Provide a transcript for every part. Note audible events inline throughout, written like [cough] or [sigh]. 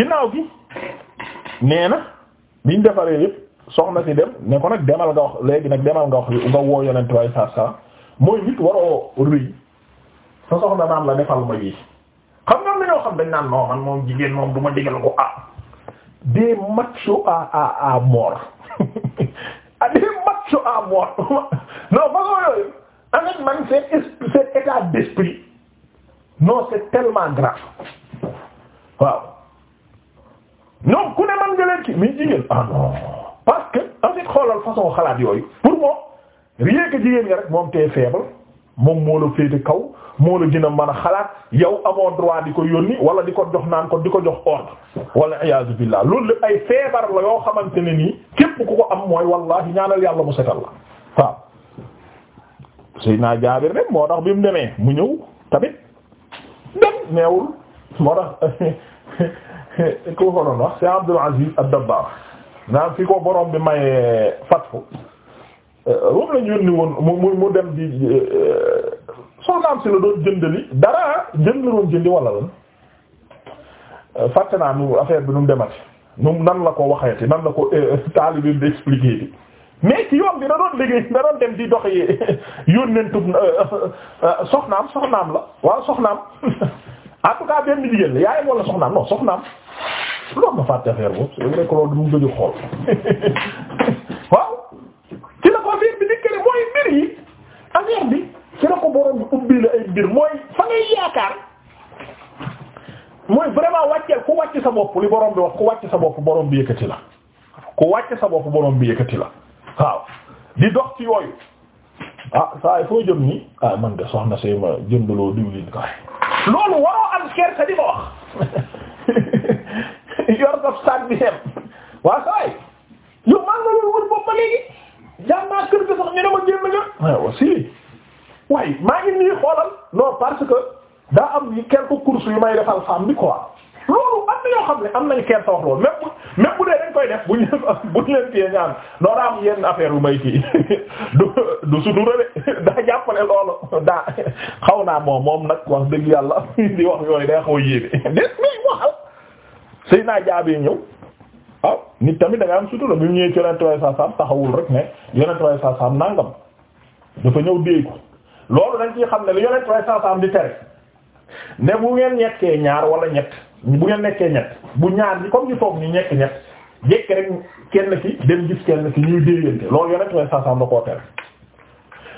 ginnaaw gi nee na defaree yëpp soxna si dem ne ko nag demal nga wax léegi nag demal nga wax nga woo yonent waaye saa saa mooy nit waroo rëy sa soxna naan la defal ma yi xam nga am na ñoo xam dañ naan non man moom jigéen moom du ma digal ko ah des machos à à à mort [laughs] ah des machos à mort [laughs] non ba nga yooyu avec man seen es seen état d'esprit non c'est tellement grave waaw. ñoom ku ne man nga leen ci jigéen ah parce que en xoolal façon xalaat yooyu pour moom rien que jigéen nga rek moom tee faible moom moo la féete kaw moo la gën a mën a xalaat yow amoo droit di ko yónni wala di ko jox naan ko di ko jox ordre wala iyaazu billah loolu lépp ay feebar la yoo xamante ne nii képp ku ko am mooy wallahi ñaanal yàlla mu setal la waaw Seydina Jaabir rek moo tax bi mu demee mu ñëw tamit dem neewul moo tax [laughs] [laughs] ko ko doon wax c'est Abdul Aziz ad-Dabbar naan fi ko borom bi may fatfu eh, moom la ñu yónni woon mu mu dem di eh, eh, soxnaam si la doon jëndali dara jënd la jëndi wala lan fàtte naa nu affaire bi nu mu demati nu nan la ko waxeeti nan la ko taalibe bi expliqué bi mais yoon bi da doon liggéey da doon dem di dox [laughs] yónnentub soxnaam soxnaam la waaw soxnaam [laughs] en tout cas benn jigéen la yaayam wala soxnaam non ma fàtte affaire boobu c'est vrai loolu du mu gëj a xool [laughs] waaw ci la ko affaire bi dikkee mooy mbir yi affaire bi ci la ko borom ubbi la ay mbir mooy fa ngay yaakaar mooy vraiment wàcceel ku wàcc sa bopp li borom bi wax ku wàcc sa bopp borom bi yëkkati la ku wàcc sa bopp borom bi yëkkati la waaw di dox ci yooyu ah saa yi foo jëm nii ah man de soxna say ma jëndaloo diwlin kaay loolu waroo am kersa di [laughs] ko wax yor bi dem waa saa yi yow maa ngi doon wër bopp ba léegi kër ga sax ñu ne ma génn nga waaw aussi waaye maa ngi nii xoolal non parce que daa am quelques courses yu may defal femme bi quoi. loolu am na yoo xam ne am nañ kenn sa wax loolu même bu dee dañ koy def buñ leen [laughs] buñ leen téye ñaan noo daa am yenn affaire yu may kii [laughs] du du sutura de [laughs] daa jàppale loolu daa xaw naa moom moom nag wax dëgg yàlla di wax yooyu day xaw yéene des mi waxal sëy naa jaabee ñëw waaw ah, nit tamit da nga am sutura bi mu ñëwee ci yonent way saa saam taxawul rek ne yonent way saa saam nangam dafa ñëw déey loolu dañ ciy xam ne li yonent way saa saam di tere ne bu ngeen ñettee ñaar wala ñett bu ngeen nekkee ñett bu ñaar ñi comme ñu toog ñu nekk ñett jekk rek kenn ci dem gis kenn ci ñuy déggante loolu yonent way sasam da koo tere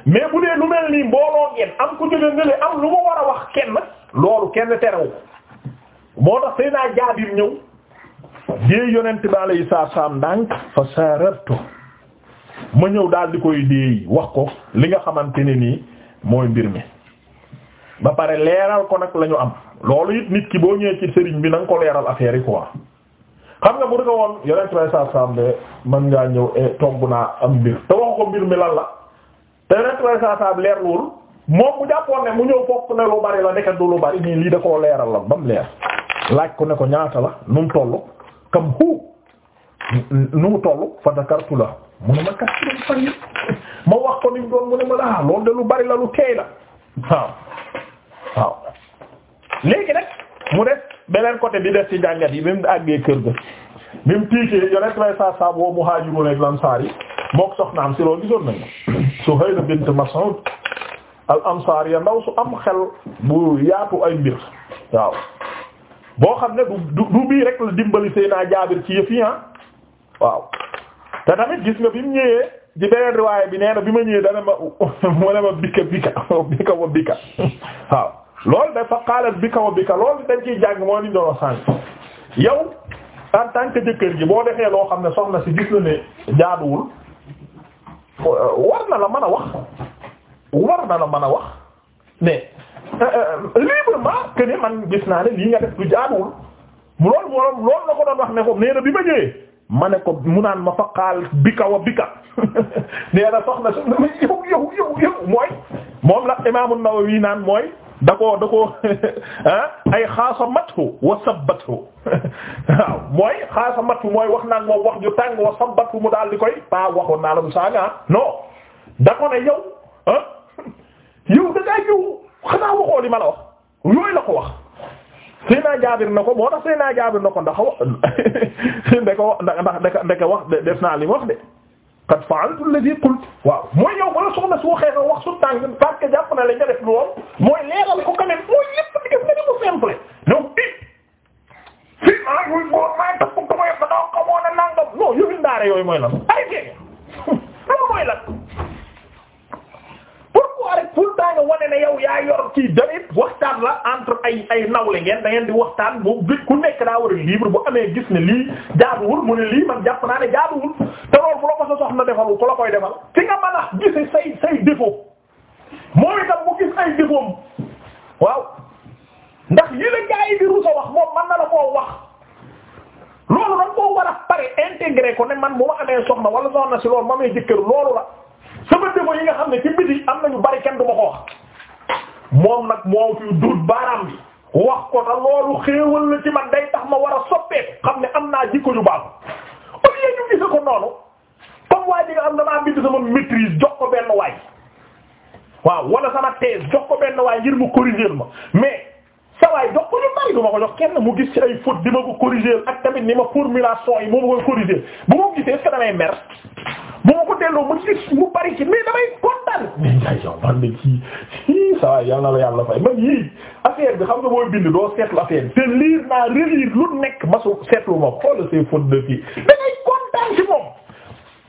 mais bu dee lu mel nii mbooloo ngeen am ku jóge ngële am lu ma war a wax kenn loolu kenn terew moo tax sëy naa Jaabir ñëw déey yonent bi alayhi salaam ndànk fa sarartu ma ñëw daal di koy déey wax ko li nga xamante ne nii mooy mbir mi ba pare leeral ko nag lañu am loolu it nit ki boo ñëwee ci sëriñ bi na ko leeral affaire yi quoi xam nga bu dee ko woon yeneen trois cent soixante de ngaa ñëw eh, tomb naa am mbir te wax ko mbir mi lan la te yeneen trois cent soixante leerluwul moom mu jàppoon ne mu ñëw fokk ne lu bari la nekk du lu bari nii lii da koo leeral la ba mu leer laaj ko ne ko ñaata la nu mu toll kam hu nu mu toll fa dakartu la mu ne ma kat [laughs] ma wax ko ni doon mu ne ma ah loolu waaw léegi nag mu def beneen côté bi def ci njàngat yi même àggee kër ga même tiitee yonent lay saa saa boo muhaajiroon ak lansaar yi mook soxnaam si loolu gisoon nañu Suhayl bint Mas'ud al ansaar ya ndaw su am xel bu yaatu ay mbir waaw boo xam ne du du bii rek la dimbali Seydina Jaabir ci yëf yi ah. waaw te tamit gis nga bi mu ñëwee di beneen riwaaya bi nee bi ma ñëwee dana ma [laughs] mu ne ma bika bika [laughs] bika [laughs] waaw loolu da xaalat bi kaw bi ka loolu dañ ciy jàng moo liñ doon sànq yow en tant que jëkkër ji boo defee loo xam ne soxna si gis na ne jaaduwul war na la mën a wax war na la mën a wax mais librement que ne man gis naa ne lii nga def du jaaduwul loolu moom loolu la ko doon wax ne ko nee bi ma ñëwee ma ne ko mu naan ma fa xaal bika wa bika [laughs] nee na soxna si [laughs] yow yow yow yow mooy moom la Imaamu Nawawi naan mooy. da koo da koo ay xaasa mathu wa sabbathu waaw mooy xaasa mathu mooy wax naa moom wax ju tàng wa sabbathu mu daal di koy pas waxoon naa saaga non da ko ne ah yow da ngaa xanaa waxoo li mala la wax yooyu la ko wax. Seyna Jaabir na ko moo tax Seyna Jaabir na ko ndax ndeke wax ndeke wax def naa li wax de. qad fa'altu alladhi qultu waaw mooy yow bala soxna su waxee nga wax su tàng parce que jàpp na la nga def lool mooy leeral ko quand même mooy lépp di def nga ne mu simple donc fii fii maa ngi góor maa ngi tax ko mooy fa doo ko moo ne nangam non yëfin daara yooyu mooy lan ay dégg [laughs] nga mooy lan pourquoi rek tout le temps wane ne yow yaa yor ci damit waxtaan la entre ay ay nawle ngeen da ngeen di waxtaan bu gis ku nekk daa war a libre bu amee gis ne lii jaaduwul mu ne lii man jàpp naa ne jaaduwul te loolu bu la ko soxna defalul ku la koy defal ci nga mën gise say say défaut moo mu gis ay défaut waaw ndax yële gaa yi di wax moom mën na la koo wax loolu da nga koo war a pare ko ne man bu ma amee soxna wala soxna si loolu ma may jëkkër sama défaut yi nga xam ne ci biti am ñu bari kenn du ma ko wax moom nag moo fi duut baaraam bi wax ko na loolu xéewal la ci man day tax ma war a soppeeku xam ne am naa jikko yu baax au lieu ñu gise ko noonu comme waa ji nga am damaa bind sama maîtrise jox ko benn waay waaw wala sama thèse jox ko benn waay ngir mu corriger ma mais sawaay jox ko ñu bari du ma ko jox kenn mu gis ci ay faute di ma ko corriger ak tamit ni ma formulation yi moom ma koy corriger bu ma ko gisee est damay mer bu ma ko delloo ma gis mu bari ci mais damay kontaan mais jaay yow yal na la yàlla fay man yii affaire bi xam nga boo bind doo seetlu affaire bi te lire naa relire lu nekk masu seetlu ma xool say faute de kii da ngay kontaan ci moom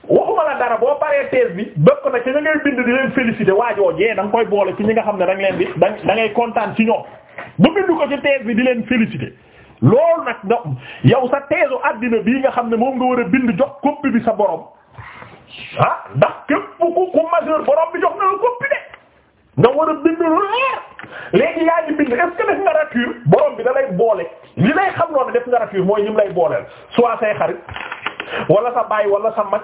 waxuma la dara boo paree thèse bi bokk na ci ña bind di leen féliciter waajoo jee da nga boole ci ñi nga xam ne da nga leen da da kontaan ci ñoom ba bindu ko ci thèse bi di leen féliciter loolu nag nga yow sa thèse àddina bii nga xam ne moom nga war a bind jox copie bi sa borom ah ndax képp ku ku majeur borom bi jox na la copie de nga war a bind lu leer léegi bind est-ce def nga rature borom bi da lay boole li lay xam loo ne def nga rature mooy ñi lay booleel soit say xarit walla sa baay wala sa mag.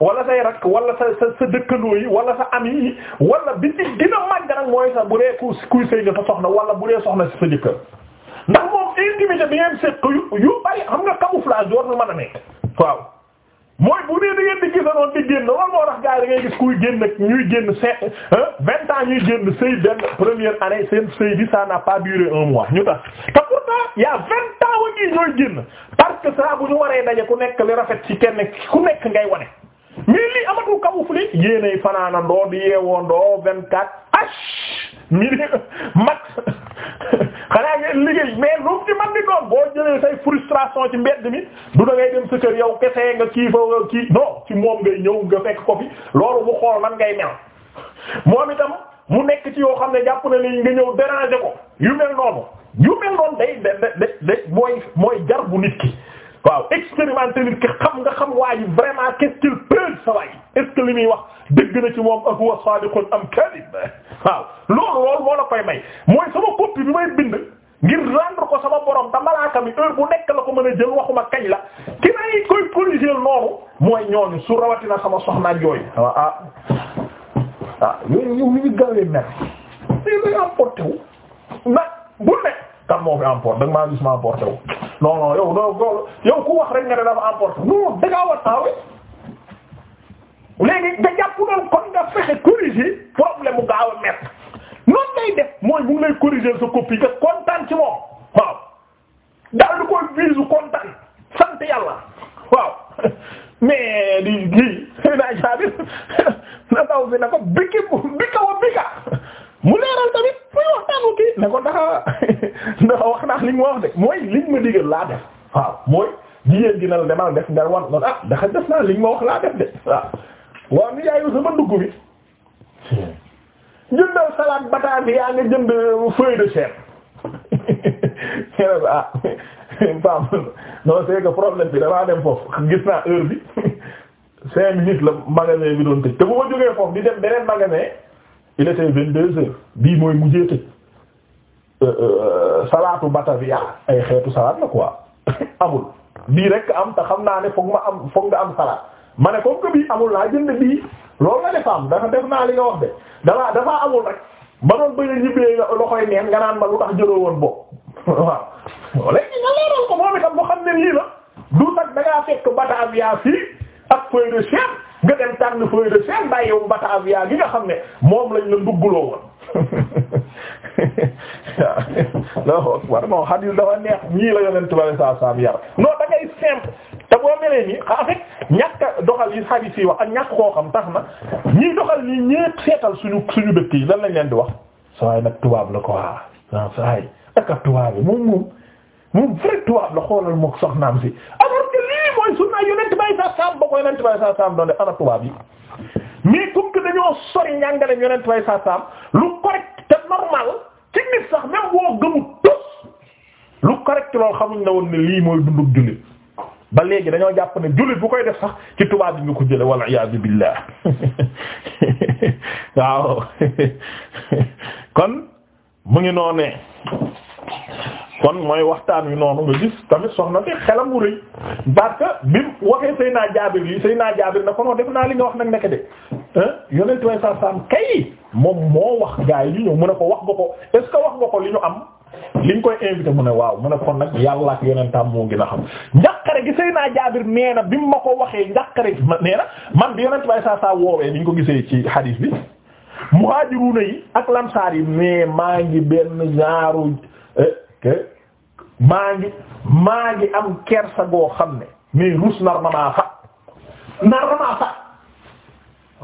wala say rak wala sa sa sa yi wala sa ami yi wala bi ci gën a màgg nag mooy sax bu dee ku kuy sëy nga sa soxna wala bu dee soxna si sa jëkkër ndax moom intimité bi ngeen seq yu yu bari xam nga camouflage door na mën a nekk waaw mooy bu dee da ngeen di gisanoon génn loolu moo tax gars yi da ngay gis kuy génn ñuy génn sept vingt ans ñuy génn sëy benn première année seen sëy bi ça n'a pas duré un mois ñu tax te pourtant y'a vingt ans wa ñii ñooy génn parce bu ñu waree daje ku nekk rafet ci kenn ku nekk ngay wane mais lii amatu camouflé yéenay fanaanandoo di yeewoondoo vingt-quatre h midi max xanaa ngeen liggéey mais lu ci man di doon boo jëlee say frustration ci mbedd mi du da dem sa kër yow kese nga kii fa nga kii non ci moom ngay ñëw nga fekk ko fi loolu bu xool man ngay mel moom itam mu nekk ci yoo xam ne jàpp na ni nga ñëw déranger ko yu mel noonu yu mel noonu day day day mooy mooy jar bu nit ki waaw expérimenter nit ki xam nga xam waa ji vraiment qu'est-ce qu'il li muy wax dëgg na ci moom a huwa sadiqun am kadib waaw loolu loolu moo la koy may mooy sama copie bi may bind ngir rendre ko sama borom da malaaka mi bu nekk la ko mën a waxu ma kañ la ki may koy corriger noonu mooy ñooñu su rawatina sama soxna jooy ah ah ah yooyu yow ñu ngi gawee mer yooyu day bu ne. kan moo fi emporté da maa gis ma emporté wu non yow yow ku wax rek nga ne dafa emporté non da ngaa war taawee léegi nga jàpp noonu kon nga fexe corriger problème mu gaaw a métti noonu lay def mooy bu ngi lay corriger sa copie nga kontaan ci moom waaw daal di koy bisu kontaan sant yàlla waaw mais di di naa jaabir [laughs] na taw bi na ko biki bika wa bika. mu leeral tamit muy waxtaanu kii ne ko ndaxa [laughs] ndaxa wax naa li mu wax de mooy liñ ma digal laa def waaw mooy jigéen dina la demal def nga wan noonu ah ndaxa def naa liñ ma wax laa def de waaw waaw ni yaayu sama bi jëndal salade bataar bi yaa nga jënd feuille [laughs] ah [laughs] pam non c'est que problème bi damaa dem foofu gis naa heure bi cinq minutes la magasin bi doon tëj te bu ma jógee foofu di dem beneen magasin il était vingt deux heures bii mooy mujjee tëj euh, euh, euh, salaatu batavia ay xeetu salaat la quoi [laughs] amul bii rek am te xam naa ne foog ma am foog nga am salaat ma ne comme que bii amul laa jënd bii loolu la def am dafa def naa li nga wax de dafa dafa amul rek ba doon bëgg a ñibbee loxoy neen nga naan ma lu tax jëloo woon bopp [laughs] waaw léegi nga leeral ko moom itam boo xam ne lii la du nag da ngaa fekk batavia fii ak feuille de chèvre nga dem tànn feuille de serre bàyyi yow batavia gi nga xam ne moom lañ la nduggloo woon waaw [laughs] loolu war non xadis dafa neex ñii la yonent bi saa saa yar non da ngay te boo melee nii en fait ñàkk doxal yi xadis yi wax ak ñàkk koo xam tax na ñiy doxal nii ñépp seetal suñu suñu dëkk yi lan lañ leen di wax. sawaay nag tubaab la quoi non sawaay ak tubaab yi moom moom moom vrai tubaab la xoolal mook soxnaam si salaam ba ko yonent bay saa salaam doon def ana tubaab yi mais comme que dañoo sori njàngaleem yonent bay saa salaam lu correct te normal ci nit sax même boo gëmu tos lu correct loolu xamuñ na woon ne lii mooy dundug jullit ba léegi dañoo jàpp ne jullit bu koy def sax ci tubaab bi nga ko jële wal iyaazu billah [laughs] waaw [laughs] kon mu ngi noonee kon mooy waxtaan wi noonu nga gis tamit soxna si xelam mu rëy parce que bi mu waxee Seydina Jaabir yi Seydina Jaabir na ko non def naa li nga wax nag nekk de yonent way sa sam kay moom moo wax gaa yi li ñëw mu ne ko wax nga ko est wax nga ko li ñu am li ñu koy invité mu ne waaw mu ne kon nag yàlla ak yonentam moo gën a xam njàqare gi naa Jaabir nee na bi mu ma ko waxee njàqare gi nee na man bi yonent way sa ñu ko gisee ci hadith bi muhajiruna yi ak lamsaar yi mais maa ngi benn genre maa ngi maa ngi am kersa goo xam ne mais rus nar na maa fat nar na maa fat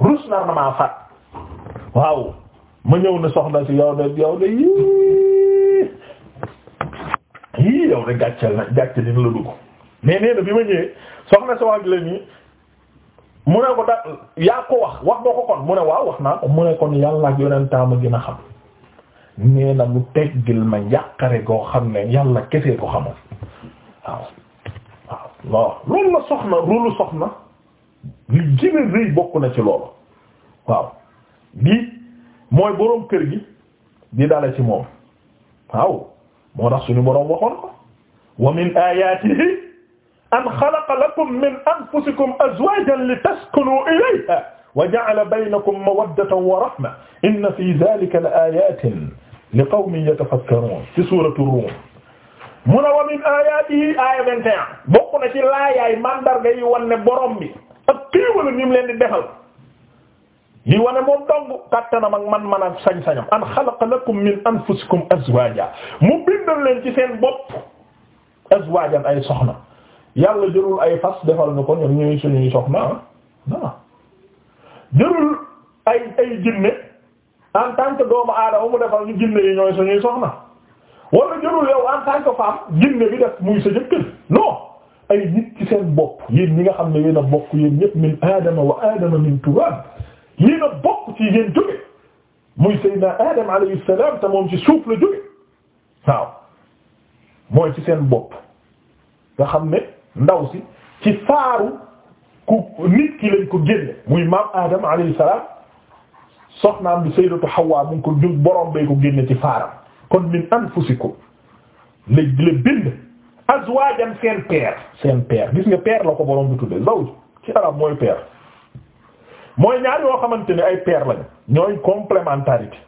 rus nar na waaw ma ñëw ne soxna si yow de yow de yii yii yow de gàcceel na gàcceel dina la dugg mais nee na bi ma ñëwee soxna si wax la nii mu ne ko da yaa ko wax wax boo ko kon mu ne waaw wax naa ko mu ne kon yàlla ak yonentam a gën a xam nee na mu teggil ma njàqare goo xam ne yàlla kese ko xamoon waaw waaw loolu la soxna rolu soxna li gën a rëy bokk na ci loolu waaw bi mooy boroom kër gi di dala ci moom waaw moo tax suñu boroom waxoon ko wa min ayatihi an xalaqa lakum min anfusikum azwajan litaskunu ilayha wa ja'ala baynakum mawaddatan wa rahma inna fi dhalika la ayatin li qawmin yatafakkarun ci suuratu Rum mu ne wa min ayatihi aaya 21 bokk na ci laayaay mandarga yi wan ne borom bi ak téewala ni mu leen di defal li wane moom dong kattanam ak man man sañ-sañam an xalaqa lakum min anfusikum azwaja mu bindal leen ci seen bopp azwajan ay soxna yàlla jërul ay fas defal ñu ko ñun ñuy suñuy soxna ah non ay ay jinne en tant que doomu aadama mu defal ñu jinne yi ñooy suñuy soxna wala jërul yow en tant que femme bi def muy sa jëkkër non ay nit ci seen bopp yéen ñi nga xam ne yéen a bokk yéen ñëpp min aadama wa aadama min turaab yéen a bokk ci yéen jóge muy sayyidina adam alayhi te moom ci suuf la jóge waaw mooy ci seen bopp nga xam ne ndaw si ci saaru ku nit ki lañ ko génne muy maam adam alayhi soxnaam bi sayyidatu Hawwa mu ngi ko jur borom bay ko génne kon min anfusikum la la azwaajan seen père seen père gis nga la ko borom bi tudde zawj ci mooy père mooy ñaar yoo xamante ne ay père lañu ñooy complémentarité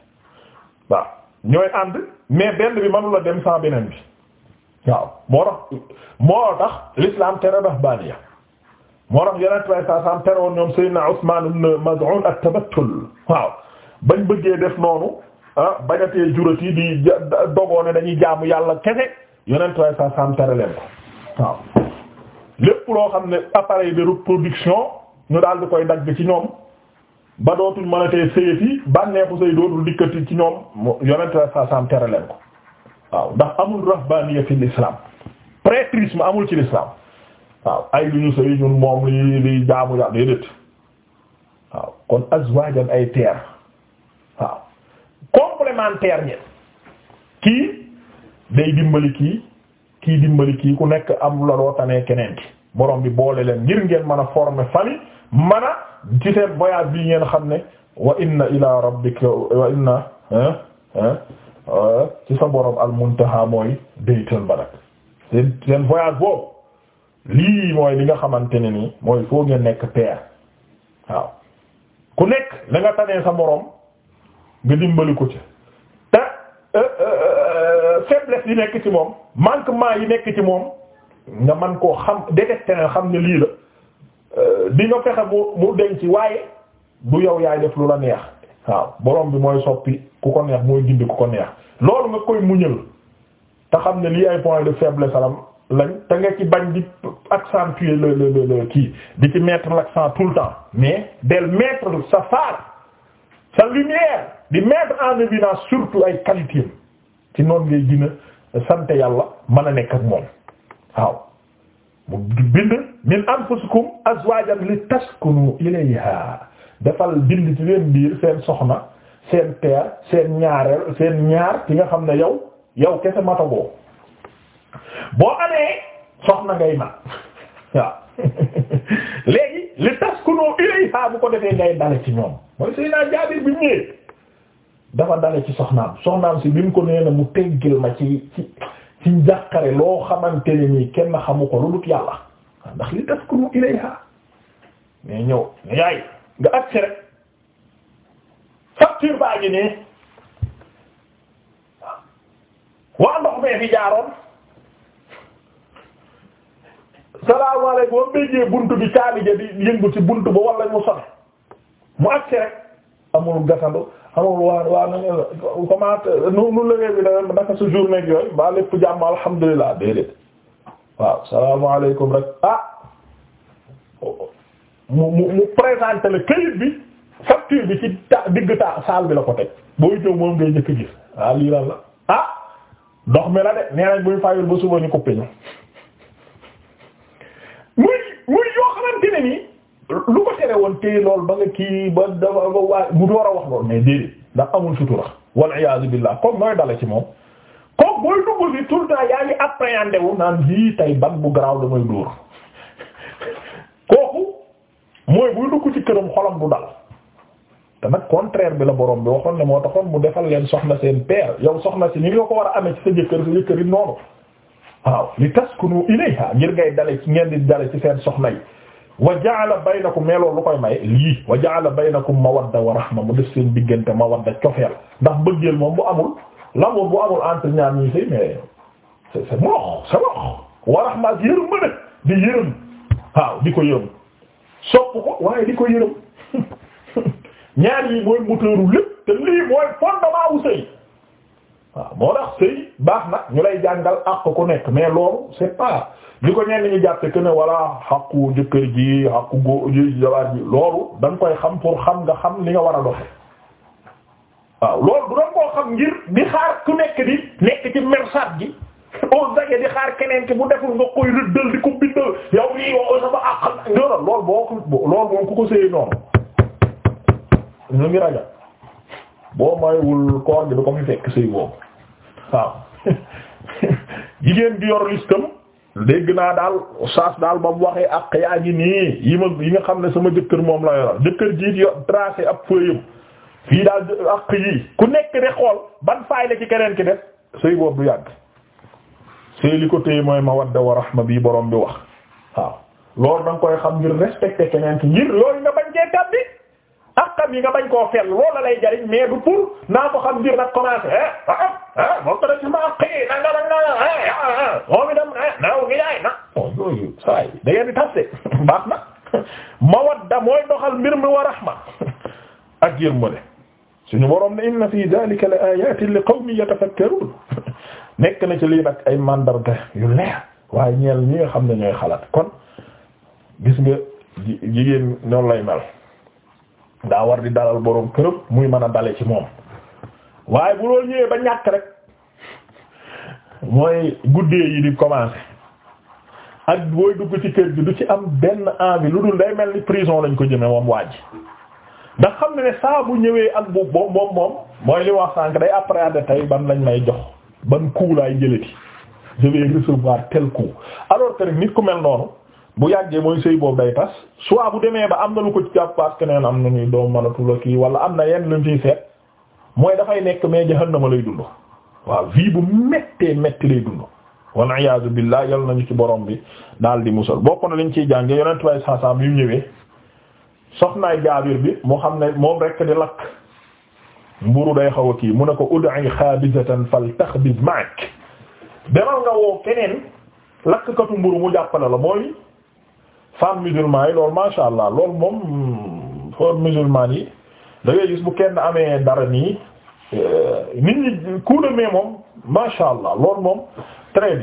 waaw ñooy ànd mais benn bi mënula dem sans beneen bi waaw moo tax moo tax l'islam tere rahbaniya moo tax yeneen traité à sàn tere woon ñoom Seydina Ousmane ibn Maz'un bañ bëggee def noonu ah bañatee jurati di dogoo ne dañuy jaamu yàlla kese yonent waaye sa tere leen ko waaw lépp loo xam ne appareil de reproduction ñu daal di koy dagg ci ñoom ba dootuñ mënatee sëyat yi bànneexu sëy dootul dikkati ci ñoom yonent waaye sa sam tere leen ko waaw ndax amul rahbaniya fi l'islam prêtrisme amul ci l'islam waaw ay lu ñu sëy ñun moom li li jaamu yàlla déedéet waaw kon azwajan ay terre waaw complémentaire ñi kii day dimbali kii kii dimbali kii ku nekk am la rootanee keneen ki borom bi boole leen ngir ngeen mën a former famille mën a ci seen voyage bi ngeen xam ne wa inna ila rabbika wa inna euh, ci sa borom al mooy daytal ba nag seen seen voyage boobu lii mooy li nga xamante ne nii mooy foo ngeen nekk pair waaw ku nekk la nga tanee sa borom nga dimbali ko ci te euh, euh, faiblesse yi nekk ci moom manquement yi nekk ci moom nga man koo xam détecté nga xam ne lii la euh, di nga fexe mu mu denc waaye du yow yaay def lu la neex waaw borom bi mooy soppi ku ko neex mooy gindi ku ko neex loolu nga koy muñal te xam ne lii ay point de faiblesse alam lañ te nga ci bañ di accentuer le la le kii di ci mettre l'accent tout le temps mais del mettre sa phare sa lumière di mettre en évidence surtout ay qualité ci noonu ngay gën a sant yàlla mën a nekk ak moom waaw mu bind min anfusikum azwajan li taskunu ilayha dafal bind ci leen biir seen soxna seen teer seen ñaareel seen ñaar ci nga xam ne yow yow kese matagoo boo amee soxna ngay ma [laughs] waaw [laughs] léegi li taskunu ilayha bu ko defee ngay dale ci ñoom mooy Seydina Jaabir bi ñëwee dafa dale ci soxnaam soxnaam si bi mu ko nee mu teggil ma ci ci ci njàqare loo xamante ne nii kenn xamu ko lu dul yàlla ndax li taskunu ilayha mais ñëw yaay nga agsi rek facture baa ngi nii waa ndox mee fi jaaroon salaamaaleykum ba mbéjee bunt bi caabi di yëngu ci bunt ba wala mu sone mu agsi rek amul gasandu nu nu liggéey bi da naka sa yooyu ba lépp jàmm alhamdulilah déedéet waaw salaamaaleykum rek ah mu mu mu présenté le këyit bi facture bi ci ta digg ta saal bi la ko teg booy ñëw moom ngay njëkk gis ah lii lan la ah ndox mi la de nee nañ buñ fayul ba suba ñu coupé ñu muy muy yoo xamante nii lu ko tere woon téye loolu ba nga kii ba da ba waa mu a wax loolu mais déedéet ndax amul sutura wal iyaazu billah comme nooy dale ci moom comme booy dugg ci tout bu garaaw damay dóor kooku mooy buy dugg ci këram xolam du dal te nag contraire bi la borom bi waxoon ne moo taxoon mu defal leen soxna seen père yow soxna si ni nga ko war a amee ci sa jëkkër sa jëkkër yi noonu waaw li taskunu ilayha ngir ngay dale ci ngeen di ci seen soxna yi wa ja'ala baynakum mais loolu lu koy may lii wa ja'ala baynakum mawadda wa rahma mu def seen diggante mawadda cofeel ndax bëggeel moom bu amul l'amour bu amul entre ñaar ñuy sëy mais c'est c'est mort c'est mort wa rahma ak di yërëm waaw di ko yërëm sopp ko waaye di ko yërëm [laughs] ñaar yi mooy moteur lépp te lii mooy fondement wu sëy waaw moo tax sëy baax na ñu lay jàngal àq ku nekk mais loolu c'est pas li ko ñenn ñu jàppe que ne walla xaqu jëkkër ji xaqu góor ji jabar ji loolu da koy xam pour xam nga xam li war a doxe waaw loolu ngir di xaar ku nekk di nekk ci mersat gi au dage di xaar keneen ki bu deful nga koy rëddal di ko bindal yow yi wo sama àq ñoona loolu loolu moom ku ko sëy noonu ñu ngi ragal boo mayewul koor gi du ko fi fekk sëy boobu waaw [laughs] jigéen bi yor listam dégg naa daal saas daal ba mu waxee ak yaa ngi nii yi ma yi nga xam ne sama jëkkër moom la yoral jëkkër jiit yo tracé ab feuille fii daal ak yi ku nekk de xool ban faay la ci keneen ki de sëy boobu du yàgg sëy li ko téye mooy mawadda wa ma bii boroom bi wax waaw loolu da nga koy xam ngir respecté keneen ki ngir loolu nga bañ cee tàbbi akam yi nga bañ koo fel loolu la lay jariñ mais du pour naa ko xam ngir nag commencé eh, ah ah ah moom tamit si maa xëy na nga bañ naa ah ah, ah, ah ah moom eh, oh, yooyu saa yi da ngeen di tase [laughs] baax na [laughs] mawadda mooy doxal mbir wa rahma [laughs] ak yërmande suñu borom ne inna fi dhalika la ayatin li qawmin yatafakkarun nekk na ci lii nag ay mandarga yu leer waaye ñeel ñi nga xam ne ñooy xalaat kon gis nga jigéen noonu lay mel. daa war di dalal borom këram muy man a dale ci moom waaye bu loolu ñëwee ba ñàkk rek mooy guddee yi di commencer ak booy dugg ci kër gi du ci am benn envie lu dul day mel ni prison lañ ko jëme moom waaj ndax xam ne ne saa bu ñëwee ak bu moom moom mooy li wax sànk day appréhender tey ban lañ may jox ban coup laay jëlati je vais recevoir tel coup alors que nit ku mel noonu bu yàggee mooy sëy boobu day tas soit bu demee ba am na lu ko ci jàpp parce keneen am na ñuy doom mënatul a kii wala am na yenn luñ ciy seet mooy dafay nekk mais jahannama lay dund waaw vie bu méttee métti lay dund wal iyaazu billaah yal nañu ci borom bi naa li di musal bokk na liñ ciy jàngee yonent way saasaam yu ñëwee soxnaay jaabir bi mu xam ne moom rek di lakk mburu day xaw a kii mu ne ko ud'i xaabisatan fal taxbis ma'ak demal nga woo keneen lakkatu mburu mu jàppale la mooy femme musulman yi loolu masha allah loolu moom femme musulman yi da ngay gis bu kenn amee dara nii euh, nit ñi coup de main moom masha allah loolu moom très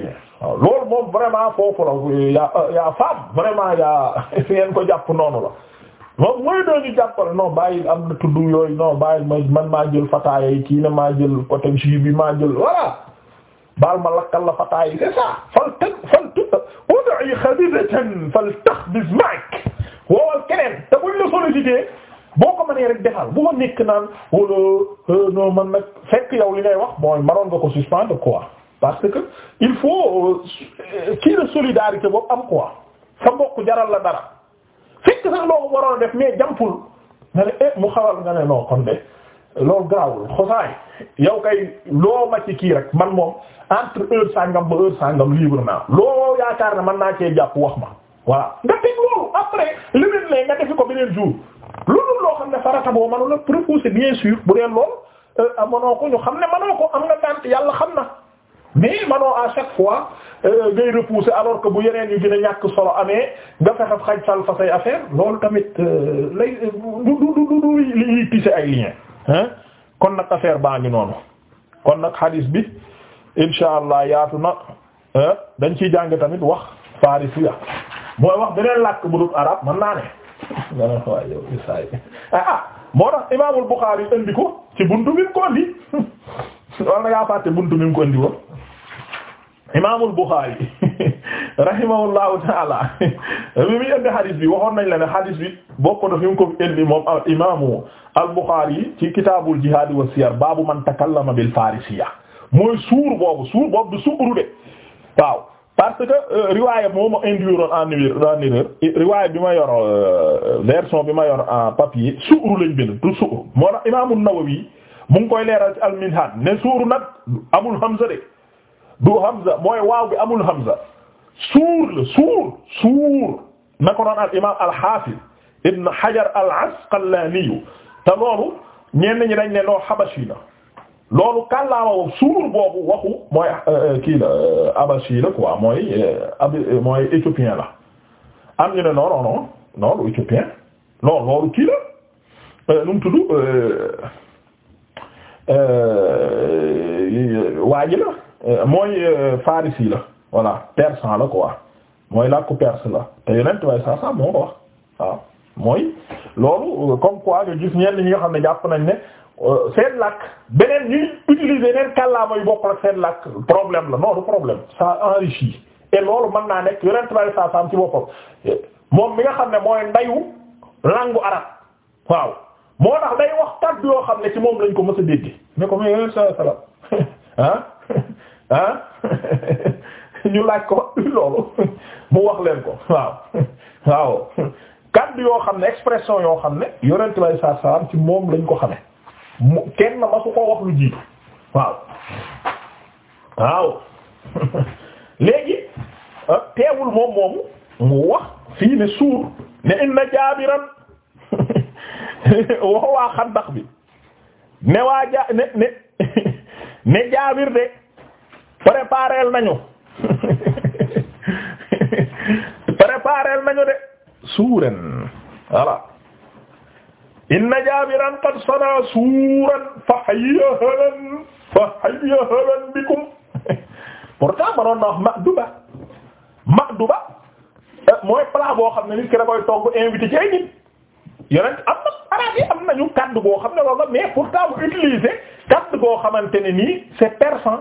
waaw loolu moom vraiment foofu la yaa yaa femme yaa fi [laughs] ngeen ko jàpp noonu la moom mooy dooñu jàppale non bàyyil am na tudd yooyu non bàyyil man maa jël fataaya yi kii ne maa jël côté ji bi maa jël voilà baal ma lakkal la fataay yi c'est ça fal tëg fal tëg ud'i xabibatan fal taxbis ma'ak woowal keneen te buñ la sollicité boo ko mënee rek defal bu ma nekk naan wala oh euh, non man nag fekk yow li ngay wax mooy maroon nga ko suspendre quoi parce que il faut euh, kii la solidarité boobu am quoi sa mbokk jaral la dara fekk sax loo ko waroon a def mais jampul nga ne eh mu xawal nga ne non kon de loolu yow kay loo ma ci kii rek man moom entre heure sàngam ba heure sangam libre naa loo yaakaar ne man naa cee jàpp wax ma waaw nga teg loolu après leneen lee nga defi ko beneen jour loolu loo xam ne farata boo mënu la proposer bien sûr bu dee lool manoo ko ñu xam ne manoo ko am nga gànt yàlla xam na mais manoo à chaque fois ngay repousser alors que bu yeneen yu gën a ñàkk solo amee nga fexe xaj sal affaire loolu tamit lay du du du du li tissé ay lien kon nag affaire baa ngi noonu kon nag hadis bi insha allah yaatu na eh, dañ ciy jàng tamit wax farisiya mooy wax beneen lakk bu dul arab mën naa ne nga ah ah moo tax imaamul Buxaari indi ko ci buntu bi ko indi wala [laughs] ngaa fàtte buntu bi mu ko indi imaamul Buxaari [laughs] rahimahullahu taala [laughs] bi muy waxoon nañ la ne hadith bi bokk na fi mu ko imaamu al Bukhari ci kitaabul jihaad wa baabu man takallama bil farisiya mooy suur boobu suur boobu du suuru de waaw parce que euh, riwaaya moo ma indiwoon en erreur riwaaya bi ma yor euh, version bi ma yor en papier suuru lañ bind du suuru moo imaamu Nawawi mu koy leeral ci al minhaj ne suuru nag amul hamza de du hamza mooy waaw bi amul hamza. suur la suur suur na ko doon al imaam al-Hafiz Ibn Hajar al-Asqalani te loolu ñenn ñi dañ ne noo xabashi la loolu kàllaama suur boobu waxu mooy eh, eh, kii la eh, abashi la quoi mooy ab la am ñu ne non non non non loolu kii la nu la mooy farisi la. voilà persan la ko quoi mooy làkku perse la te yonent waaye saa saa moo ko wax waaw mooy loolu euh, comme quoi nga gis ñenn ñi nga xam ne jàpp nañ ne euh, seen làkk beneen ñuy utiliser neen kàllaama yu bokkul ak seen làkk problème la non du problème ça enrichit et loolu mën naa nekk yonent waaye saa saa ci boppam moom mi nga xam ne mooy ndayu langue arabe waaw moo tax day wax kàddu yoo xam ne ci moom lañ ko mës a dégg ne ko mais yonent saa salaam [laughs] ah [laughs] ah. [laughs] ñu laaj ko [laughs] loolu mu wax leen ko waaw waaw kaddu yoo xam ne expression yoo xam ne yonent bi saa salaam ci moom lañ ko xame mu kenn ma su ko wax lu jiitu waaw waaw [laughs] léegi ah, teewul moom moomu mu wax fii ne suur ne inna jaabiran wax [laughs] waa xandax bi ne waa ja ne ne ne jaabir de préparel nañu préparel nañu de suuran voilà inna jaabiran qad sana suuran fa hayya halan fa hayya halan bikum pourtant ma doon na wax maduba maduba eh, mooy plat boo xam ne nit ki da koy togg invité ci ay nit yonent am na am nañu kaddu goo xam ne loolu la mais pourtant bu kaddu goo xamante ne nii c'est persan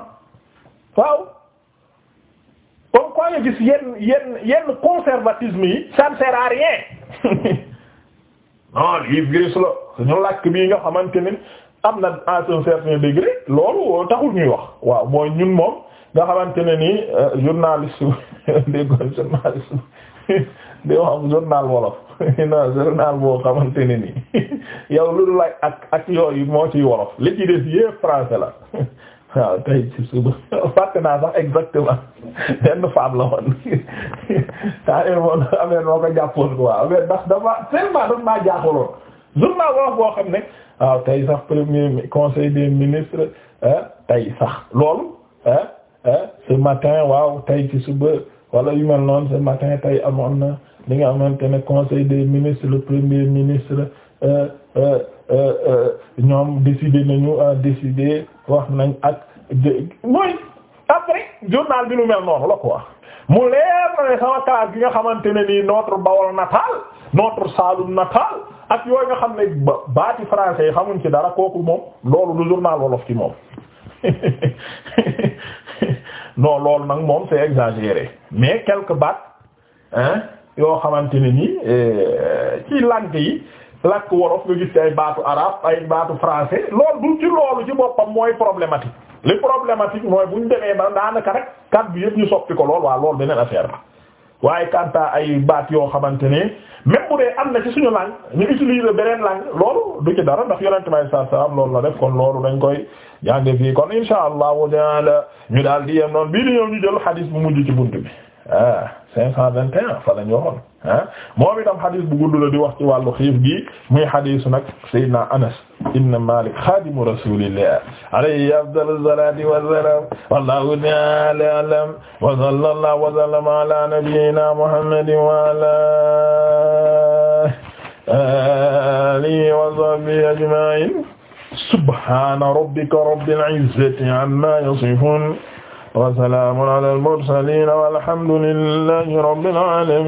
waaw comme quoi nga gis yenn yenn yenn conservatisme yi ça ne sert à [laughs] bii nga xamante ne am na à un certain degré loolu taxul ñuy wax waaw mooy ñun moom nga xamante ne nii euh, journaliste [laughs] déggoon journaliste [laughs] di wax journal wolof non journal boo xamante ne nii yow lu dul ak ak yooyu moo ciy wolof li ci des yépp français la waaw tey ci suba [laughs] fàtte naa sax exactement [laughs] benn la woon daa leen woon affaire ko jàppoon quoi affaire ndax dafa tellement dafa maa jaaxaloon journal wax boo xam ne waaw tey sax premier conseil des ministres tey sax loolu ce matin waaw tey ci suba wala yu mel noonu ce matin tey amoon na li nga xamante ne conseil des ministre le premier ministre Euh, euh, euh, ñoom décidé nañu décidé wax nañ ak mooy après journal bi lu mel noonu la quoi mu leer na ne sama classe gi nga xamante ne nii notre Bawol natal notre Saloum natal ak yooyu nga xam ne baati français yi xamuñ ci dara kooku moom loolu du journal wolof ci moom [laughs] non loolu nag moom c'est exagéré mais quelque baat hein yoo xamante ne nii ci langue yi. làkk wolof nga gis ci ay baatu arabe ay baatu français loolu du ci loolu ci boppam mooy problématique li problématique mooy bu ñu demee ba daanaka rek kàddu yëpp ñu soppi ko lool waa loolu beneen affaire la waaye kanta ay baat yoo xamante ne même am na ci suñu langue ñu utiliser beneen langue loolu du ci dara ndax yonent may saa saa am loolu la def kon loolu dañ koy jànge fii kon insha allahu taala ñu daal di yem noonu bii di ñëw ñu jël xadiis bu mujj ci bunt bi ah 521 fa la ñu waxoon ah moom itam xadis bu gudd la di wax ci wàllu xiif gi muy xadisu nag Seydina Anas ibn Malik xadimu rasulillah alayhi afdalu salaati wassalaam wallahu ta'ala a'lam wa sallallahu wa sallama ala nabiyyina Muhammadin wa ala alihi wa sahbihi ajma'in subhana rabbika rabbil izzati amma yasifun wa salamun ala al mursalin walhamdulillahi rabbil alamin